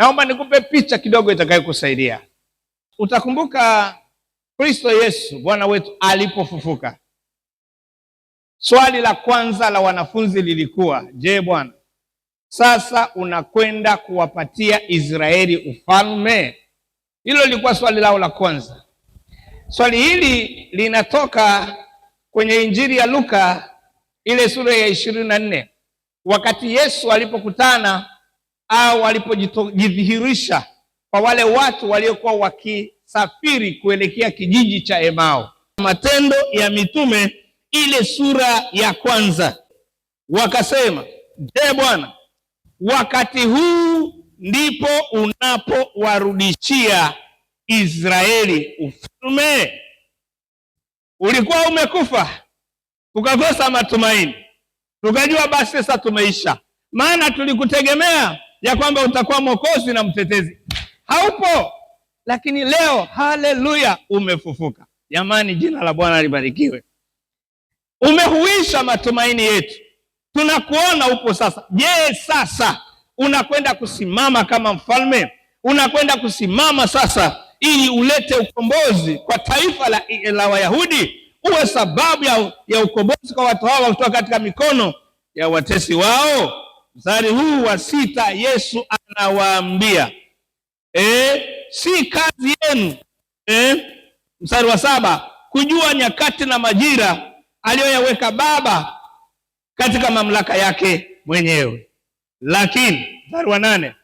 Naomba nikupe picha kidogo itakayokusaidia. Utakumbuka Kristo Yesu Bwana wetu alipofufuka, swali la kwanza la wanafunzi lilikuwa je, Bwana, sasa unakwenda kuwapatia Israeli ufalme? Hilo lilikuwa swali lao la kwanza. Swali hili linatoka kwenye Injili ya Luka ile sura ya ishirini na nne wakati Yesu alipokutana au walipojidhihirisha kwa wale watu waliokuwa wakisafiri kuelekea kijiji cha Emao. Matendo ya Mitume ile sura ya kwanza, wakasema Je, Bwana, wakati huu ndipo unapowarudishia Israeli ufalme? Ulikuwa umekufa tukakosa matumaini, tukajua basi sasa tumeisha, maana tulikutegemea ya kwamba utakuwa mwokozi na mtetezi, haupo. Lakini leo haleluya, umefufuka. Jamani, jina la Bwana libarikiwe. Umehuisha matumaini yetu, tunakuona upo sasa. Je, sasa unakwenda kusimama kama mfalme? Unakwenda kusimama sasa ili ulete ukombozi kwa taifa la, la Wayahudi, uwe sababu ya, ya ukombozi kwa watu hawa kutoka katika mikono ya watesi wao mstari huu wa sita, Yesu anawaambia e, si kazi yenu e, mstari wa saba, kujua nyakati na majira aliyoyaweka Baba katika mamlaka yake mwenyewe, lakini mstari wa nane,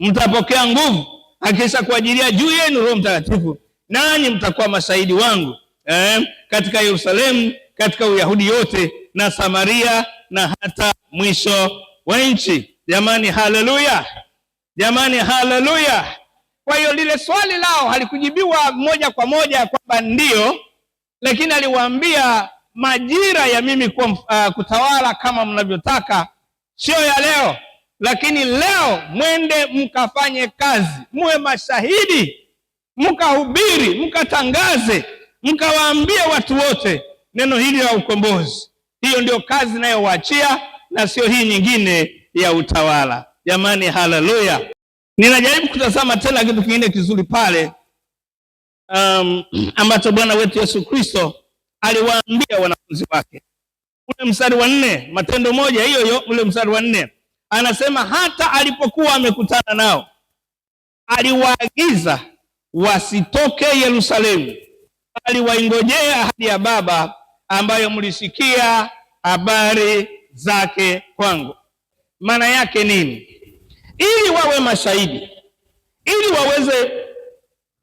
mtapokea nguvu akisha kuajilia juu yenu Roho Mtakatifu, nanyi mtakuwa mashahidi wangu e, katika Yerusalemu, katika Uyahudi yote na Samaria na hata mwisho wa nchi. Jamani, haleluya! Jamani, haleluya! Kwa hiyo lile swali lao halikujibiwa moja kwa moja kwamba ndio, lakini aliwaambia majira ya mimi kwa, uh, kutawala kama mnavyotaka sio ya leo, lakini leo mwende mkafanye kazi, muwe mashahidi, mkahubiri, mkatangaze, mkawaambie watu wote neno hili la ukombozi. Hiyo ndio kazi inayowaachia na sio hii nyingine ya utawala. Jamani, haleluya! Ninajaribu kutazama tena kitu kingine kizuri pale, um, ambacho Bwana wetu Yesu Kristo aliwaambia wanafunzi wake, ule mstari wa nne, Matendo moja hiyo hiyo, ule mstari wa nne anasema, hata alipokuwa amekutana nao aliwaagiza wasitoke Yerusalemu, bali waingojee ahadi ya Baba ambayo mlisikia habari zake kwangu. Maana yake nini? Ili wawe mashahidi, ili waweze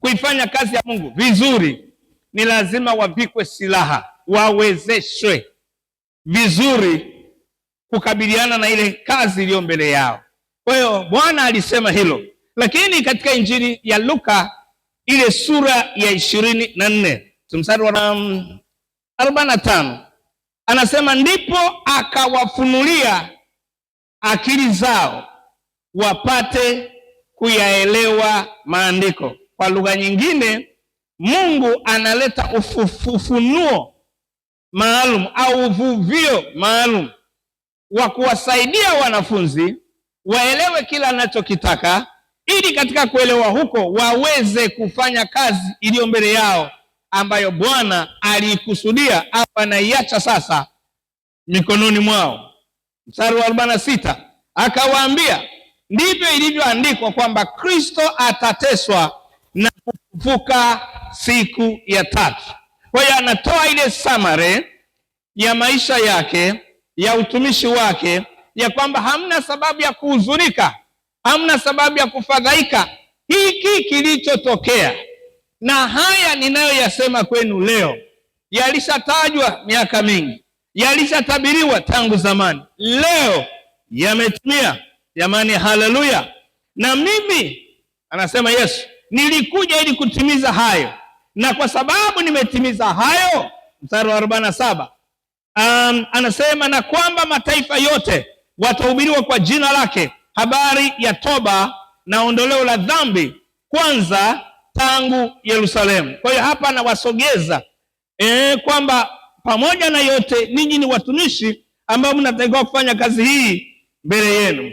kuifanya kazi ya Mungu vizuri, ni lazima wavikwe silaha, wawezeshwe vizuri kukabiliana na ile kazi iliyo mbele yao. Kwa hiyo Bwana alisema hilo, lakini katika injili ya Luka ile sura ya ishirini na nne mstari wa arobaini na tano Anasema ndipo akawafunulia akili zao wapate kuyaelewa maandiko. Kwa lugha nyingine, Mungu analeta ufufunuo maalum au uvuvio maalum wa kuwasaidia wanafunzi waelewe kila anachokitaka, ili katika kuelewa huko waweze kufanya kazi iliyo mbele yao ambayo Bwana aliikusudia au anaiacha sasa mikononi mwao. Mstari wa arobaini na sita akawaambia, ndivyo ilivyoandikwa kwamba Kristo atateswa na kufufuka siku ya tatu. Kwa hiyo anatoa ile samare ya maisha yake ya utumishi wake, ya kwamba hamna sababu ya kuhuzunika, hamna sababu ya kufadhaika. Hiki kilichotokea na haya ninayoyasema kwenu leo yalishatajwa miaka mingi, yalishatabiriwa tangu zamani, leo yametimia. Jamani, haleluya! Na mimi anasema Yesu, nilikuja ili kutimiza hayo, na kwa sababu nimetimiza hayo, mstari wa arobaini na saba um, anasema na kwamba mataifa yote watahubiriwa kwa jina lake habari ya toba na ondoleo la dhambi, kwanza tangu Yerusalemu. Kwa hiyo hapa anawasogeza e, eh, kwamba pamoja na yote ninyi ni watumishi ambao mnatakiwa kufanya kazi hii mbele yenu.